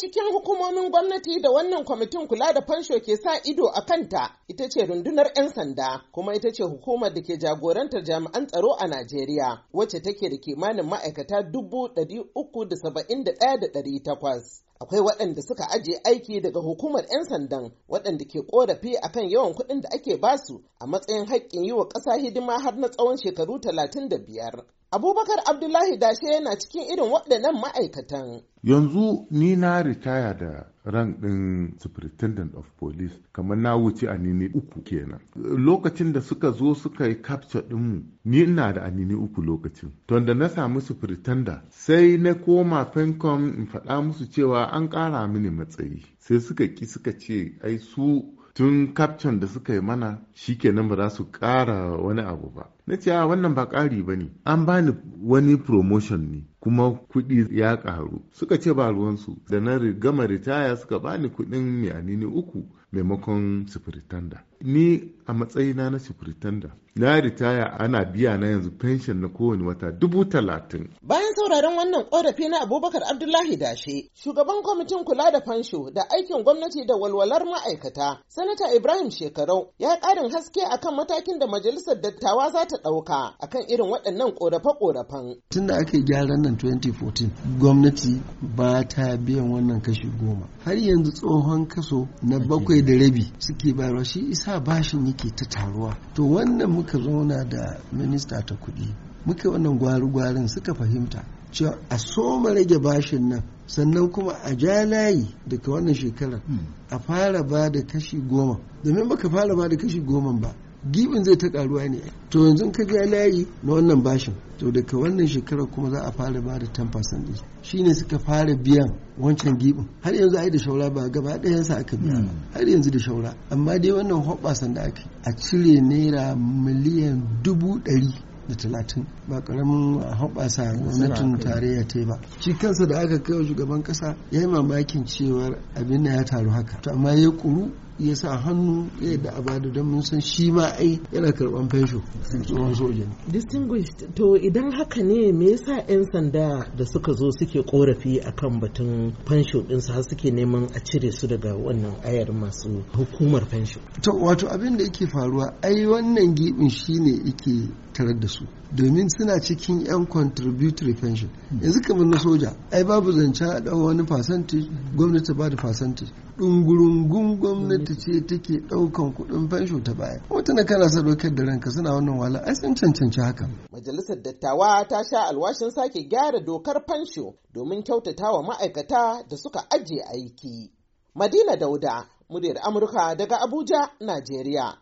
cikin hukumomin gwamnati da wannan kwamitin kula da fansho ke sa ido a kanta ita ce rundunar 'yan sanda kuma ita ce hukumar da ke jagorantar jami'an tsaro a Najeriya wacce take da kimanin ma'aikata dubu dari uku da saba'in da ɗaya da ɗari takwas. akwai waɗanda suka ajiye aiki daga hukumar 'yan sandan waɗanda ke korafi kan yawan kuɗin da ake basu a matsayin haƙƙin yi wa ƙasa hidima har na tsawon shekaru talatin da biyar. Abubakar Abdullahi Dashe yana cikin irin waɗannan ma'aikatan. Yanzu ni na ritaya da ran ɗin superintendent of police kamar na wuce anini uku kenan. Lokacin da suka zo suka yi capture ɗinmu ni ina da anini uku lokacin. to da na samu superintendent sai na koma fencom in faɗa musu cewa an ƙara mini matsayi. Sai suka ki suka ce ai su tun caption da suka yi mana shikenan ba za su ƙara wani abu ba na ce a ah, wannan ba ƙari ba ne an bani wani promotion ne kuma kuɗi ya ƙaru suka ce ba ruwansu da na gama ritaya suka bani kuɗin ne uku maimakon sifiritanda ni a matsayina na sifiritanda na ritaya ana biya na yanzu fenshin na kowane wata dubu talatin bayan sauraron wannan korafi na abubakar abdullahi dashe shugaban kwamitin kula da fansho da aikin gwamnati da walwalar ma'aikata sanata ibrahim shekarau ya ƙarin haske akan matakin da majalisar dattawa za ta ɗauka akan irin waɗannan korafe-korafen tun da ake gyaran wannan 2014 gwamnati ba ta biyan wannan kashi goma har yanzu tsohon kaso na bakwai da rabi suke bayarwa shi isa bashin yake ta taruwa to wannan muka zauna da minista ta kuɗi muka wannan gwari-gwarin suka fahimta cewa a soma rage bashin nan sannan kuma a ja layi daga wannan shekarar hmm. a fara ba da kashi goma domin baka fara ba da kashi goma ba gibin zai ta karuwa ne to yanzu ka ga layi na wannan bashin to daga wannan shekarar kuma za a fara ba da 10% din shine suka fara biyan wancan gibin har yanzu ai da shaura ba gaba ɗayan sa aka biya hmm. har yanzu da shaura amma dai wannan hoɓɓasan da aka a cire naira miliyan dubu ɗari da talatin ba karamin hoɓasa gwamnatin tarayya ta ba shi kansa da aka kai wa shugaban ƙasa. ya yi mamakin cewar abin ya taru haka to amma ya kuru ya sa hannu ya da a bada don mun san shi ma ai yana karban fensho tsohon soja distinguished to idan haka ne me yasa 'yan sanda da suka zo suke korafi akan batun fensho ɗinsu har suke neman a cire su daga wannan ayar masu hukumar fensho. to wato abin da yake faruwa ai wannan gibin shine yake tarar da su domin suna cikin 'yan contributory pension yanzu kamar na soja ai babu zance a wani percentage gwamnati ba da percentage ɗungurungun gwamnati ce take ɗaukan kuɗin fansho ta baya wata na kana sadaukar da ranka suna wannan wala ai sun cancanci haka majalisar dattawa ta sha alwashin sake gyara dokar fansho domin kyautata wa ma'aikata da suka ajiye aiki madina dauda muryar amurka daga abuja najeriya